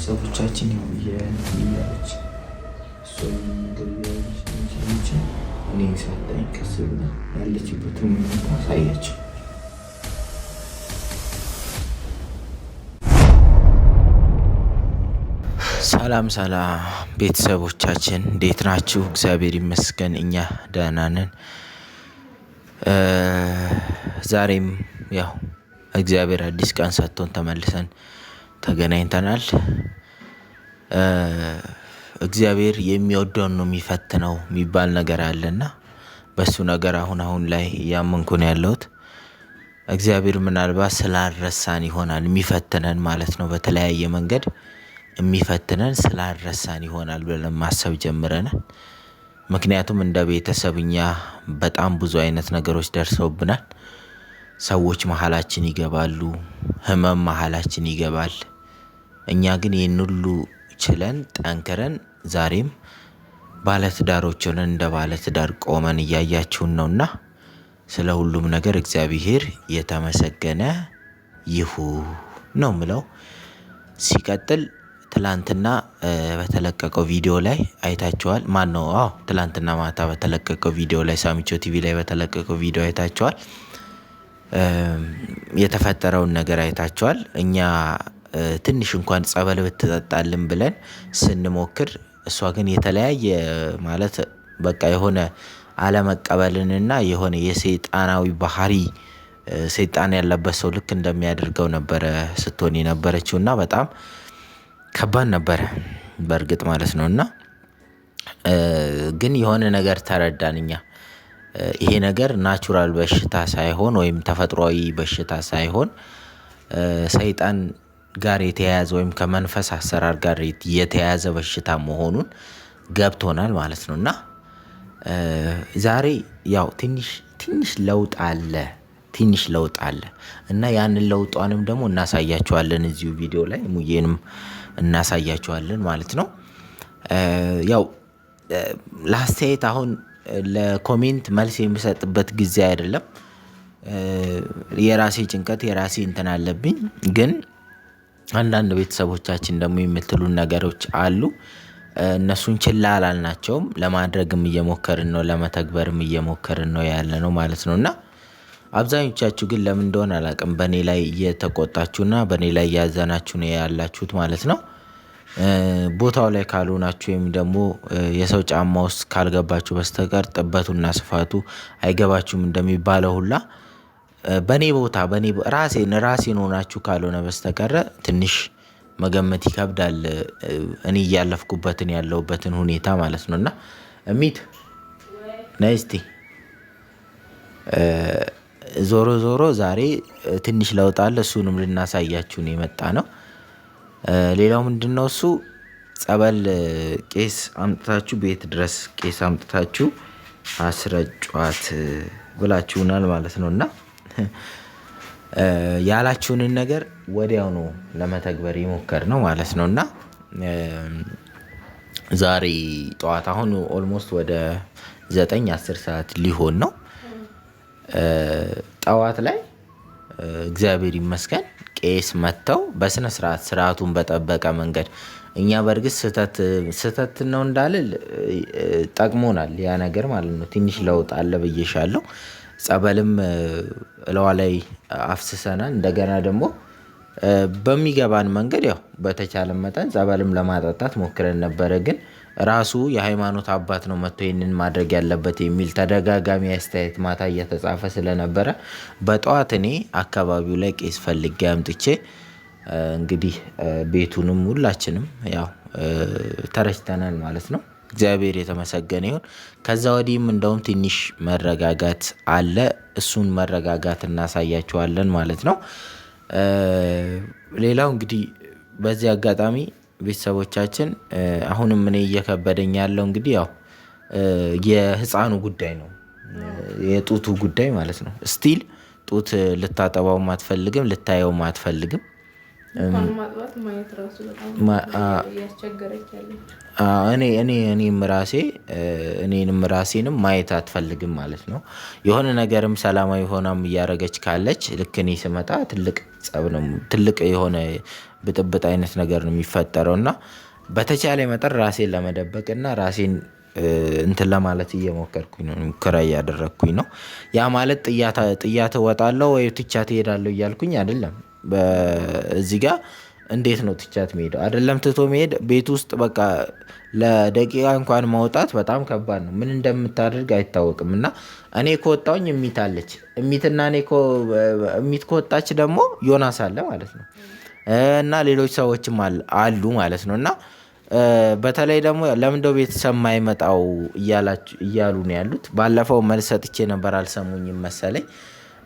ፀጉሮቻችን እያለች እኔ ቀስ ብላ ሁኔታ አሳያቸው። ሰላም ሰላም ቤተሰቦቻችን እንዴት ናችሁ? እግዚአብሔር ይመስገን እኛ ደህና ነን። ዛሬም ያው እግዚአብሔር አዲስ ቀን ሰጥቶን ተመልሰን ተገናኝተናል። እግዚአብሔር የሚወደውን ነው የሚፈትነው የሚባል ነገር አለና በሱ ነገር አሁን አሁን ላይ እያመንኩ ነው ያለሁት። እግዚአብሔር ምናልባት ስላልረሳን ይሆናል የሚፈትነን ማለት ነው። በተለያየ መንገድ የሚፈትነን ስላልረሳን ይሆናል ብለን ማሰብ ጀምረናል። ምክንያቱም እንደ ቤተሰብ እኛ በጣም ብዙ አይነት ነገሮች ደርሰውብናል። ሰዎች መሀላችን ይገባሉ። ህመም መሀላችን ይገባል እኛ ግን ይህን ሁሉ ችለን ጠንክረን ዛሬም ባለትዳሮች ሆነን እንደ ባለትዳር ቆመን እያያችሁን ነውና ስለ ሁሉም ነገር እግዚአብሔር የተመሰገነ ይሁ ነው ምለው። ሲቀጥል ትላንትና በተለቀቀው ቪዲዮ ላይ አይታችኋል። ማን ነው? አዎ ትላንትና ማታ በተለቀቀው ቪዲዮ ላይ ሳሚቾ ቲቪ ላይ በተለቀቀው ቪዲዮ አይታችኋል። የተፈጠረውን ነገር አይታችኋል። እኛ ትንሽ እንኳን ጸበል ብትጠጣልን ብለን ስንሞክር እሷ ግን የተለያየ ማለት በቃ የሆነ አለመቀበልንና የሆነ የሰይጣናዊ ባህሪ ሰይጣን ያለበት ሰው ልክ እንደሚያደርገው ነበረ ስትሆን የነበረችው እና በጣም ከባድ ነበረ በእርግጥ ማለት ነው። እና ግን የሆነ ነገር ተረዳን እኛ ይሄ ነገር ናቹራል በሽታ ሳይሆን ወይም ተፈጥሯዊ በሽታ ሳይሆን ሰይጣን ጋር የተያያዘ ወይም ከመንፈስ አሰራር ጋር የተያያዘ በሽታ መሆኑን ገብቶናል ማለት ነው። እና ዛሬ ያው ትንሽ ትንሽ ለውጥ አለ ትንሽ ለውጥ አለ እና ያንን ለውጧንም ደግሞ እናሳያቸዋለን እዚሁ ቪዲዮ ላይ ሙዬንም እናሳያቸዋለን ማለት ነው። ያው ለአስተያየት አሁን ለኮሜንት መልስ የሚሰጥበት ጊዜ አይደለም። የራሴ ጭንቀት የራሴ እንትን አለብኝ ግን አንዳንድ ቤተሰቦቻችን ደግሞ የምትሉን ነገሮች አሉ። እነሱን ችላ አላልናቸውም ለማድረግም እየሞከርን ነው ለመተግበርም እየሞከርን ነው ያለነው ማለት ነው። እና አብዛኞቻችሁ ግን ለምን እንደሆነ አላውቅም በእኔ ላይ እየተቆጣችሁና በእኔ ላይ እያዘናችሁ ነው ያላችሁት ማለት ነው። ቦታው ላይ ካልሆናችሁ ወይም ደግሞ የሰው ጫማ ውስጥ ካልገባችሁ በስተቀር ጥበቱና ስፋቱ አይገባችሁም እንደሚባለው ሁላ በእኔ ቦታ በእኔ ራሴን ራሴን ሆናችሁ ካልሆነ በስተቀረ ትንሽ መገመት ይከብዳል። እኔ እያለፍኩበትን ያለሁበትን ሁኔታ ማለት ነው። እና እሚት ነስቲ ዞሮ ዞሮ ዛሬ ትንሽ ለውጥ አለ። እሱንም ልናሳያችሁ የመጣ ነው። ሌላው ምንድነው እሱ ጸበል ቄስ አምጥታችሁ ቤት ድረስ ቄስ አምጥታችሁ አስረጫት ብላችሁናል ማለት ነው እና ያላችሁንን ነገር ወዲያውኑ ለመተግበር ይሞከር ነው ማለት ነው እና ዛሬ ጠዋት አሁን ኦልሞስት ወደ ዘጠኝ አስር ሰዓት ሊሆን ነው። ጠዋት ላይ እግዚአብሔር ይመስገን ቄስ መጥተው በስነ ስርዓት ስርዓቱን በጠበቀ መንገድ እኛ በእርግጥ ስህተት ነው እንዳልል ጠቅሞናል ያ ነገር ማለት ነው። ትንሽ ለውጥ አለ ብዬሻለሁ። ጸበልም እለዋ ላይ አፍስሰናል። እንደገና ደግሞ በሚገባን መንገድ ያው በተቻለ መጠን ጸበልም ለማጠጣት ሞክረን ነበረ። ግን ራሱ የሃይማኖት አባት ነው መጥቶ ይህንን ማድረግ ያለበት የሚል ተደጋጋሚ አስተያየት ማታ እየተጻፈ ስለነበረ በጠዋት እኔ አካባቢው ላይ ቄስ ፈልጌ አምጥቼ እንግዲህ ቤቱንም ሁላችንም ያው ተረጭተናል ማለት ነው። እግዚአብሔር የተመሰገነ ይሁን። ከዛ ወዲህም እንደውም ትንሽ መረጋጋት አለ። እሱን መረጋጋት እናሳያቸዋለን ማለት ነው። ሌላው እንግዲህ በዚህ አጋጣሚ ቤተሰቦቻችን አሁንም እኔ እየከበደኝ ያለው እንግዲህ ያው የህፃኑ ጉዳይ ነው፣ የጡቱ ጉዳይ ማለት ነው። ስቲል ጡት ልታጠባውም አትፈልግም፣ ልታየውም አትፈልግም። እኔም ራሴ እኔንም ራሴንም ማየት አትፈልግም ማለት ነው። የሆነ ነገርም ሰላማዊ ሆናም እያደረገች ካለች ልክ እኔ ስመጣ ትልቅ ጸብ ነው ትልቅ የሆነ ብጥብጥ አይነት ነገር ነው የሚፈጠረው እና በተቻለ መጠን ራሴን ለመደበቅ እና ራሴን እንትን ለማለት እየሞከርኩኝ ነው ሙከራ እያደረግኩኝ ነው። ያ ማለት ጥያት እወጣለሁ ወይ ትቻ ትሄዳለሁ እያልኩኝ አይደለም እዚህ ጋር እንዴት ነው ትቻት መሄደው? አይደለም ትቶ መሄድ ቤት ውስጥ በቃ ለደቂቃ እንኳን ማውጣት በጣም ከባድ ነው። ምን እንደምታደርግ አይታወቅም። እና እኔ ከወጣውኝ እሚት አለች። እሚትና እኔ እሚት ከወጣች ደግሞ ዮናስ አለ ማለት ነው። እና ሌሎች ሰዎችም አሉ ማለት ነው። እና በተለይ ደግሞ ለምንደው ቤተሰብ ማይመጣው እያሉ ነው ያሉት። ባለፈው መልስ ሰጥቼ ነበር አልሰሙኝም መሰለኝ።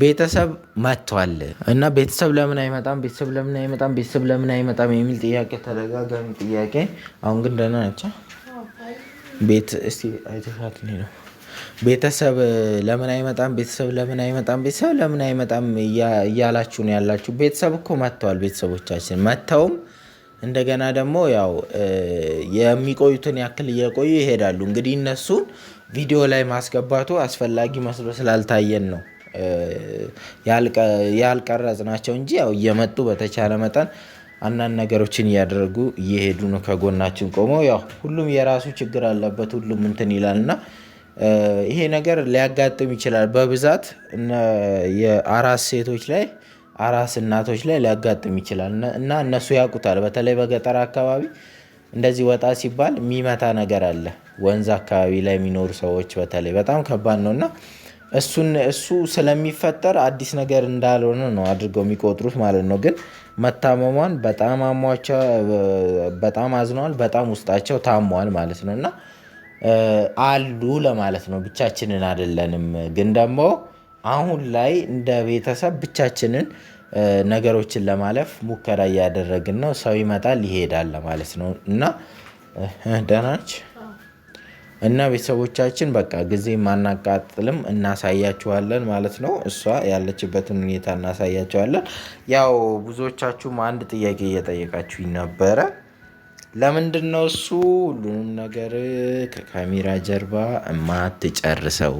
ቤተሰብ መጥቷል እና ቤተሰብ ለምን አይመጣም? ቤተሰብ ለምን አይመጣም? ቤተሰብ ለምን አይመጣም? የሚል ጥያቄ ተደጋጋሚ ጥያቄ። አሁን ግን ደህና ናቸው። ቤት እስቲ አይተሻት ነው ቤተሰብ ለምን አይመጣም? ቤተሰብ ለምን አይመጣም? ቤተሰብ ለምን አይመጣም እያላችሁ ነው ያላችሁ። ቤተሰብ እኮ መጥተዋል። ቤተሰቦቻችን መጥተውም እንደገና ደግሞ ያው የሚቆዩትን ያክል እየቆዩ ይሄዳሉ። እንግዲህ እነሱን ቪዲዮ ላይ ማስገባቱ አስፈላጊ መስሎ ስላልታየን ነው። ናቸው እንጂ ያው እየመጡ በተቻለ መጠን አንዳንድ ነገሮችን እያደረጉ እየሄዱ ነው ከጎናችን ቆመው። ያው ሁሉም የራሱ ችግር አለበት፣ ሁሉም እንትን ይላል እና ይሄ ነገር ሊያጋጥም ይችላል። በብዛት የአራስ ሴቶች ላይ አራስ እናቶች ላይ ሊያጋጥም ይችላል እና እነሱ ያውቁታል። በተለይ በገጠር አካባቢ እንደዚህ ወጣ ሲባል የሚመታ ነገር አለ። ወንዝ አካባቢ ላይ የሚኖሩ ሰዎች በተለይ በጣም ከባድ ነው እና እሱን እሱ ስለሚፈጠር አዲስ ነገር እንዳልሆነ ነው አድርገው የሚቆጥሩት ማለት ነው። ግን መታመሟን በጣም አሟቸው በጣም አዝነዋል፣ በጣም ውስጣቸው ታሟል ማለት ነው እና አሉ ለማለት ነው። ብቻችንን አይደለንም። ግን ደግሞ አሁን ላይ እንደ ቤተሰብ ብቻችንን ነገሮችን ለማለፍ ሙከራ እያደረግን ነው። ሰው ይመጣል ይሄዳል ለማለት ነው እና ደህና ነች። እና ቤተሰቦቻችን በቃ ጊዜ ማናቃጥልም እናሳያችኋለን ማለት ነው። እሷ ያለችበትን ሁኔታ እናሳያችኋለን። ያው ብዙዎቻችሁም አንድ ጥያቄ እየጠየቃችሁ ነበረ። ለምንድን ነው እሱ ሁሉንም ነገር ከካሜራ ጀርባ እማትጨርሰው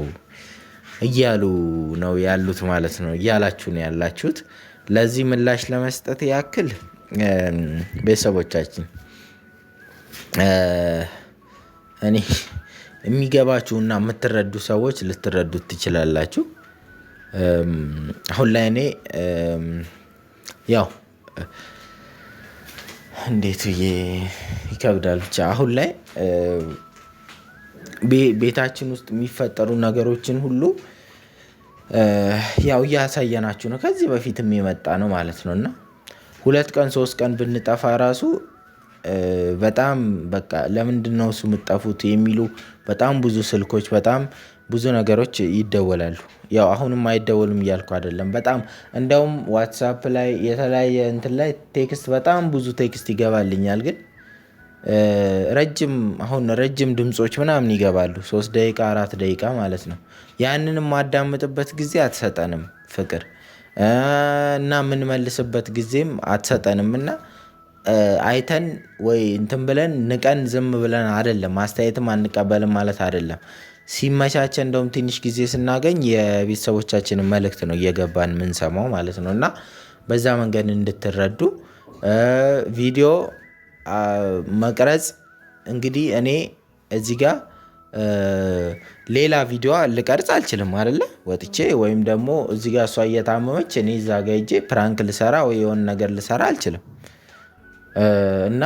እያሉ ነው ያሉት ማለት ነው እያላችሁ ነው ያላችሁት። ለዚህ ምላሽ ለመስጠት ያክል ቤተሰቦቻችን እኔ የሚገባችሁና የምትረዱ ሰዎች ልትረዱት ትችላላችሁ። አሁን ላይ እኔ ያው እንዴት ብዬ ይከብዳል። ብቻ አሁን ላይ ቤታችን ውስጥ የሚፈጠሩ ነገሮችን ሁሉ ያው እያሳየናችሁ ነው። ከዚህ በፊትም የመጣ ነው ማለት ነው እና ሁለት ቀን ሶስት ቀን ብንጠፋ ራሱ በጣም በቃ ለምንድነው እሱ የምትጠፉት የሚሉ በጣም ብዙ ስልኮች በጣም ብዙ ነገሮች ይደወላሉ ያው አሁንም አይደወልም እያልኩ አይደለም በጣም እንደውም ዋትሳፕ ላይ የተለያየ እንትን ላይ ቴክስት በጣም ብዙ ቴክስት ይገባልኛል ግን ረጅም አሁን ረጅም ድምጾች ምናምን ይገባሉ ሶስት ደቂቃ አራት ደቂቃ ማለት ነው ያንን የማዳምጥበት ጊዜ አትሰጠንም ፍቅር እና የምንመልስበት ጊዜም አትሰጠንምና አይተን ወይ እንትን ብለን ንቀን ዝም ብለን አይደለም፣ አስተያየትም አንቀበልም ማለት አይደለም። ሲመቻቸ እንደውም ትንሽ ጊዜ ስናገኝ የቤተሰቦቻችን መልእክት ነው እየገባን የምንሰማው ማለት ነው። እና በዛ መንገድ እንድትረዱ ቪዲዮ መቅረጽ እንግዲህ እኔ እዚህ ጋር ሌላ ቪዲዮ ልቀርጽ አልችልም አይደለ? ወጥቼ ወይም ደግሞ እዚህ ጋር እሷ እየታመመች እኔ እዛ ጋ ሄጄ ፕራንክ ልሰራ ወይ የሆነ ነገር ልሰራ አልችልም። እና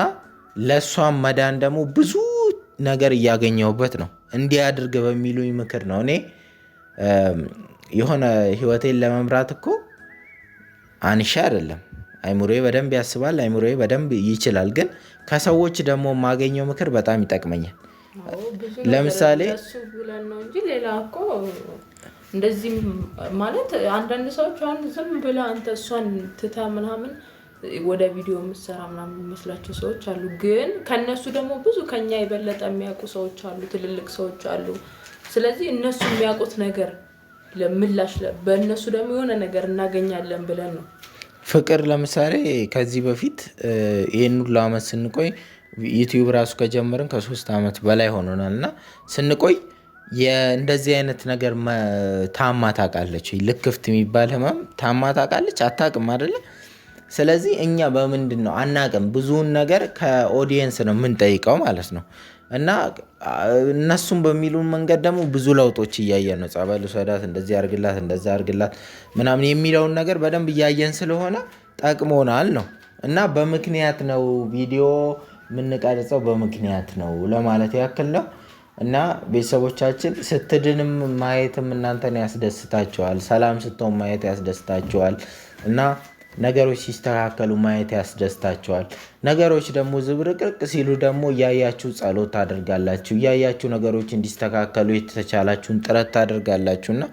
ለእሷም መዳን ደግሞ ብዙ ነገር እያገኘሁበት ነው። እንዲያድርግ በሚሉኝ ምክር ነው። እኔ የሆነ ህይወቴን ለመምራት እኮ አንሻ አይደለም። አይምሮዬ በደንብ ያስባል፣ አይምሮ በደንብ ይችላል። ግን ከሰዎች ደግሞ የማገኘው ምክር በጣም ይጠቅመኛል። ለምሳሌ እንደዚህ ማለት አንዳንድ ሰዎች ዝም ብለህ አንተ እሷን ትተህ ምናምን ወደ ቪዲዮ የምትሰራ ምናምን የሚመስላቸው ሰዎች አሉ። ግን ከነሱ ደግሞ ብዙ ከኛ የበለጠ የሚያውቁ ሰዎች አሉ፣ ትልልቅ ሰዎች አሉ። ስለዚህ እነሱ የሚያውቁት ነገር ምላሽ በእነሱ ደግሞ የሆነ ነገር እናገኛለን ብለን ነው። ፍቅር ለምሳሌ ከዚህ በፊት ይህን ሁሉ ዓመት ስንቆይ ዩቲዩብ ራሱ ከጀመርን ከሶስት ዓመት በላይ ሆኖናል እና ስንቆይ እንደዚህ አይነት ነገር ታማ ታውቃለች? ልክፍት የሚባል ህመም ታማ ታውቃለች? አታውቅም አይደለም ስለዚህ እኛ በምንድን ነው አናቅም። ብዙውን ነገር ከኦዲየንስ ነው የምንጠይቀው ማለት ነው። እና እነሱም በሚሉን መንገድ ደግሞ ብዙ ለውጦች እያየን ነው። ጸበል ውሰዳት፣ እንደዚህ አርግላት፣ እንደዚ አርግላት ምናምን የሚለውን ነገር በደንብ እያየን ስለሆነ ጠቅሞናል ነው እና በምክንያት ነው ቪዲዮ የምንቀርጸው በምክንያት ነው ለማለት ያክል ነው። እና ቤተሰቦቻችን ስትድንም ማየትም እናንተን ያስደስታችኋል፣ ሰላም ስትሆን ማየት ያስደስታችኋል እና ነገሮች ሲስተካከሉ ማየት ያስደስታቸዋል። ነገሮች ደግሞ ዝብርቅርቅ ሲሉ ደግሞ እያያችሁ ጸሎት ታደርጋላችሁ። እያያችሁ ነገሮች እንዲስተካከሉ የተቻላችሁን ጥረት ታደርጋላችሁ እና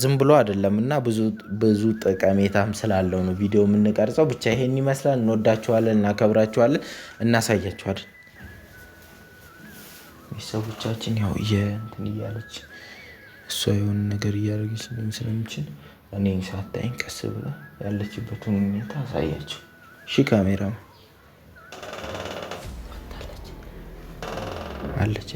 ዝም ብሎ አይደለም እና ብዙ ጠቀሜታም ስላለው ነው ቪዲዮ የምንቀርጸው። ብቻ ይሄን ይመስላል። እንወዳችኋለን፣ እናከብራችኋለን፣ እናሳያችኋለን። ቤተሰቦቻችን ያው እያለች እሷ የሆነ ነገር እያደረገች ስለምችል እኔ ሳታይኝ ቀስ ብላ ያለችበትን ሁኔታ አሳያቸው። እሺ ካሜራ አለች።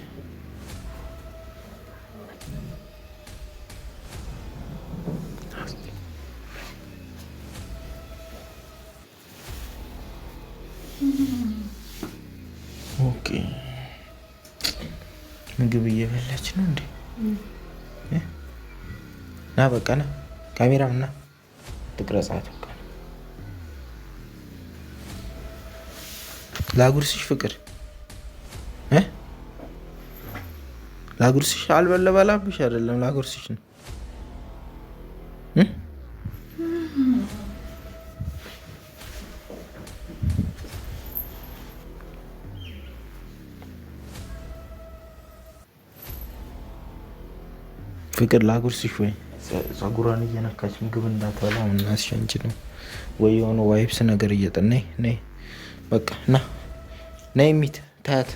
ምግብ እየበላች ነው እንዴ? ና በቃ ና ካሜራ እና ትቅረጻት ላጉርስሽ ፍቅር ላጉርስሽ አልበለበላብሽ አይደለም ላጉርስሽ ነው። ፍቅር ላጉርስሽ ወይ ጸጉሯን እየነካች ምግብ እንዳትበላ እናስቸንችልም ወይ የሆነ ዋይፕስ ነገር እየጠና ነይ፣ በቃ ና ና የሚት ታያት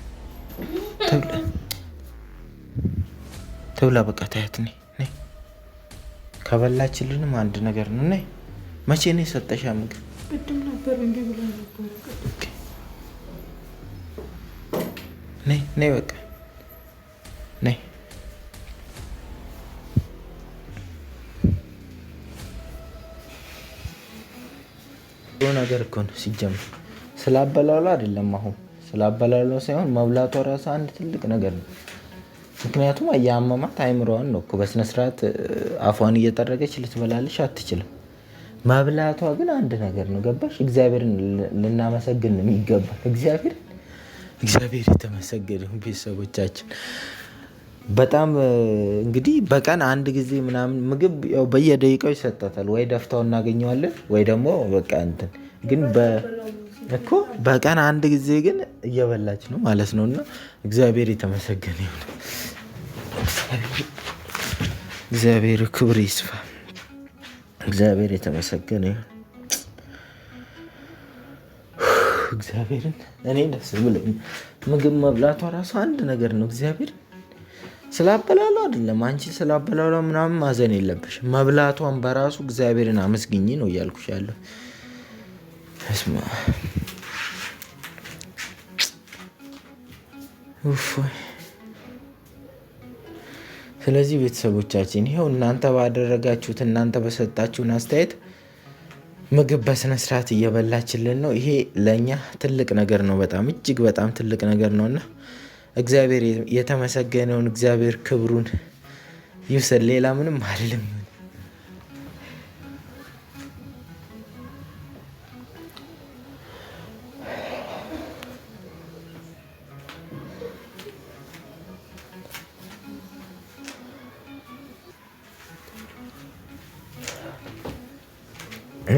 ትብላ፣ በቃ ታያት ነይ። ከበላችልንም አንድ ነገር ነው። ነይ መቼ ነው የሰጠሻ ምግብ? ቅድም ነበር እንዲህ ብላ ነበር። ነይ ነይ፣ በቃ ነይ ነገር እኮ ነው ሲጀምር። ስላበላሉ አይደለም አሁን ስላበላሉ ሳይሆን መብላቷ ራሱ አንድ ትልቅ ነገር ነው። ምክንያቱም አያመማት አይምሮዋን ነው በስነስርዓት አፏን እየጠረገች ልትበላለች አትችልም። መብላቷ ግን አንድ ነገር ነው። ገባሽ? እግዚአብሔርን ልናመሰግን የሚገባል። እግዚአብሔር እግዚአብሔር የተመሰገነ ቤተሰቦቻችን በጣም እንግዲህ በቀን አንድ ጊዜ ምናምን ምግብ በየደቂቃው ይሰጣታል። ወይ ደፍታው እናገኘዋለን ወይ ደግሞ በቃ እንትን ግን እኮ በቀን አንድ ጊዜ ግን እየበላች ነው ማለት ነው። እና እግዚአብሔር የተመሰገነ ይሁን። እግዚአብሔር ክብር ይስፋ። እግዚአብሔር የተመሰገነ ይሁን። እግዚአብሔርን እኔ ደስ ብሎኝ ምግብ መብላቷ ራሱ አንድ ነገር ነው። እግዚአብሔር ስላበላሉ አይደለም አንቺ ስላበላሉ ምናምን ማዘን የለብሽ። መብላቷን በራሱ እግዚአብሔርን አመስግኝ ነው እያልኩሽ ስለዚህ ቤተሰቦቻችን ይኸው እናንተ ባደረጋችሁት እናንተ በሰጣችሁን አስተያየት ምግብ በስነ ስርዓት እየበላችልን ነው። ይሄ ለእኛ ትልቅ ነገር ነው። በጣም እጅግ በጣም ትልቅ ነገር ነው እና እግዚአብሔር የተመሰገነውን እግዚአብሔር ክብሩን ይውሰድ። ሌላ ምንም አልልም።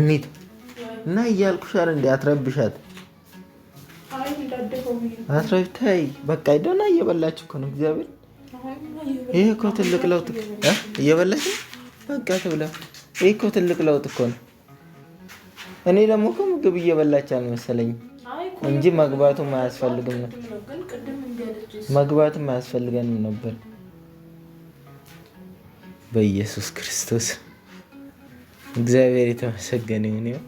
ገርኒት እና እያልኩሻል እንዲ አትረብሻት። አትረብታይ በቃ ደና እየበላች እኮ ነው። እግዚአብሔር ይህ እኮ ትልቅ ለውጥ እየበላች በቃ ትብላ። ይህ እኮ ትልቅ ለውጥ እኮ ነው። እኔ ደግሞ እኮ ምግብ እየበላች አልመሰለኝ እንጂ መግባቱ አያስፈልግም ነው መግባቱም አያስፈልገንም ነበር በኢየሱስ ክርስቶስ እግዚአብሔር የተመሰገነ ይሁን።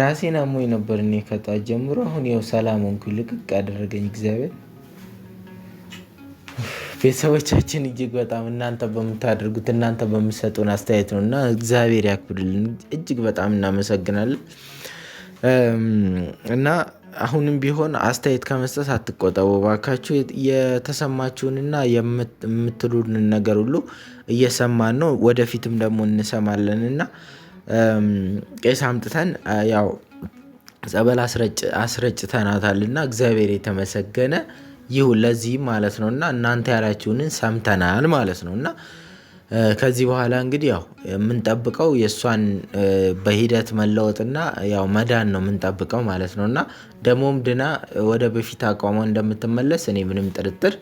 ራሴን አሞኝ ነበር እኔ ከጧት ጀምሮ። አሁን ያው ሰላም ሆንኩኝ፣ ልቅቅ ያደረገኝ እግዚአብሔር። ቤተሰቦቻችን እጅግ በጣም እናንተ በምታደርጉት እናንተ በምሰጡን አስተያየት ነው እና እግዚአብሔር ያክብርልን። እጅግ በጣም እናመሰግናለን እና አሁንም ቢሆን አስተያየት ከመስጠት አትቆጠቡ ባካችሁ። የተሰማችሁንና የምትሉን ነገር ሁሉ እየሰማን ነው፣ ወደፊትም ደግሞ እንሰማለን እና ቄስ አምጥተን ያው ጸበል አስረጭተናታል እና እግዚአብሔር የተመሰገነ ይሁን ለዚህም ማለት ነው እና እናንተ ያላችሁንን ሰምተናል ማለት ነው እና ከዚህ በኋላ እንግዲህ ያው የምንጠብቀው የእሷን በሂደት መለወጥና ያው መዳን ነው የምንጠብቀው ማለት ነው እና ደግሞም ድና ወደ በፊት አቋሟ እንደምትመለስ እኔ ምንም ጥርጥር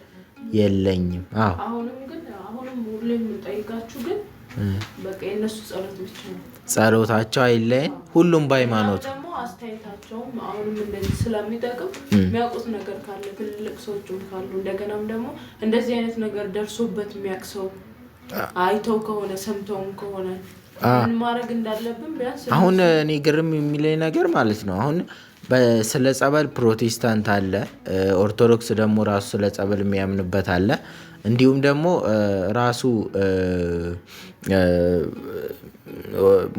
የለኝም። አዎ ጸሎታቸው አይለየን። ሁሉም በሃይማኖት አስተያየታቸውም አሁንም እንደዚህ ስለሚጠቅም የሚያውቁት ነገር ካለ ትልልቅ ሰዎችም ካሉ እንደገናም ደግሞ እንደዚህ አይነት ነገር ደርሶበት የሚያውቅ ሰው አይተው ከሆነ ሰምተውም ከሆነ ምን ማድረግ እንዳለብን ቢያንስ አሁን እኔ ግርም የሚለኝ ነገር ማለት ነው አሁን ስለ ጸበል ፕሮቴስታንት አለ፣ ኦርቶዶክስ ደግሞ ራሱ ስለ ጸበል የሚያምንበት አለ። እንዲሁም ደግሞ ራሱ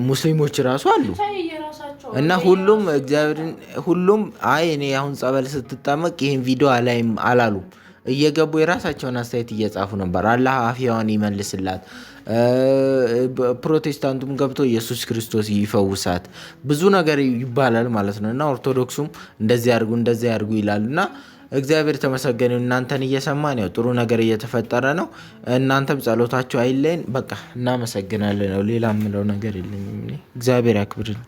ሙስሊሞች ራሱ አሉ እና ሁሉም እግዚአብሔርን ሁሉም አይ እኔ አሁን ጸበል ስትጠመቅ ይህን ቪዲዮ አላይም አላሉም። እየገቡ የራሳቸውን አስተያየት እየጻፉ ነበር። አላህ አፍያዋን ይመልስላት። ፕሮቴስታንቱም ገብቶ ኢየሱስ ክርስቶስ ይፈውሳት ብዙ ነገር ይባላል ማለት ነው እና ኦርቶዶክሱም እንደዚህ ያርጉ እንደዚህ ያርጉ ይላሉ እና እግዚአብሔር ተመሰገነ። እናንተን እየሰማን ያው ጥሩ ነገር እየተፈጠረ ነው። እናንተም ጸሎታችሁ አይለይን። በቃ እናመሰግናለን ነው። ሌላ ምለው ነገር የለኝም። እግዚአብሔር ያክብርን።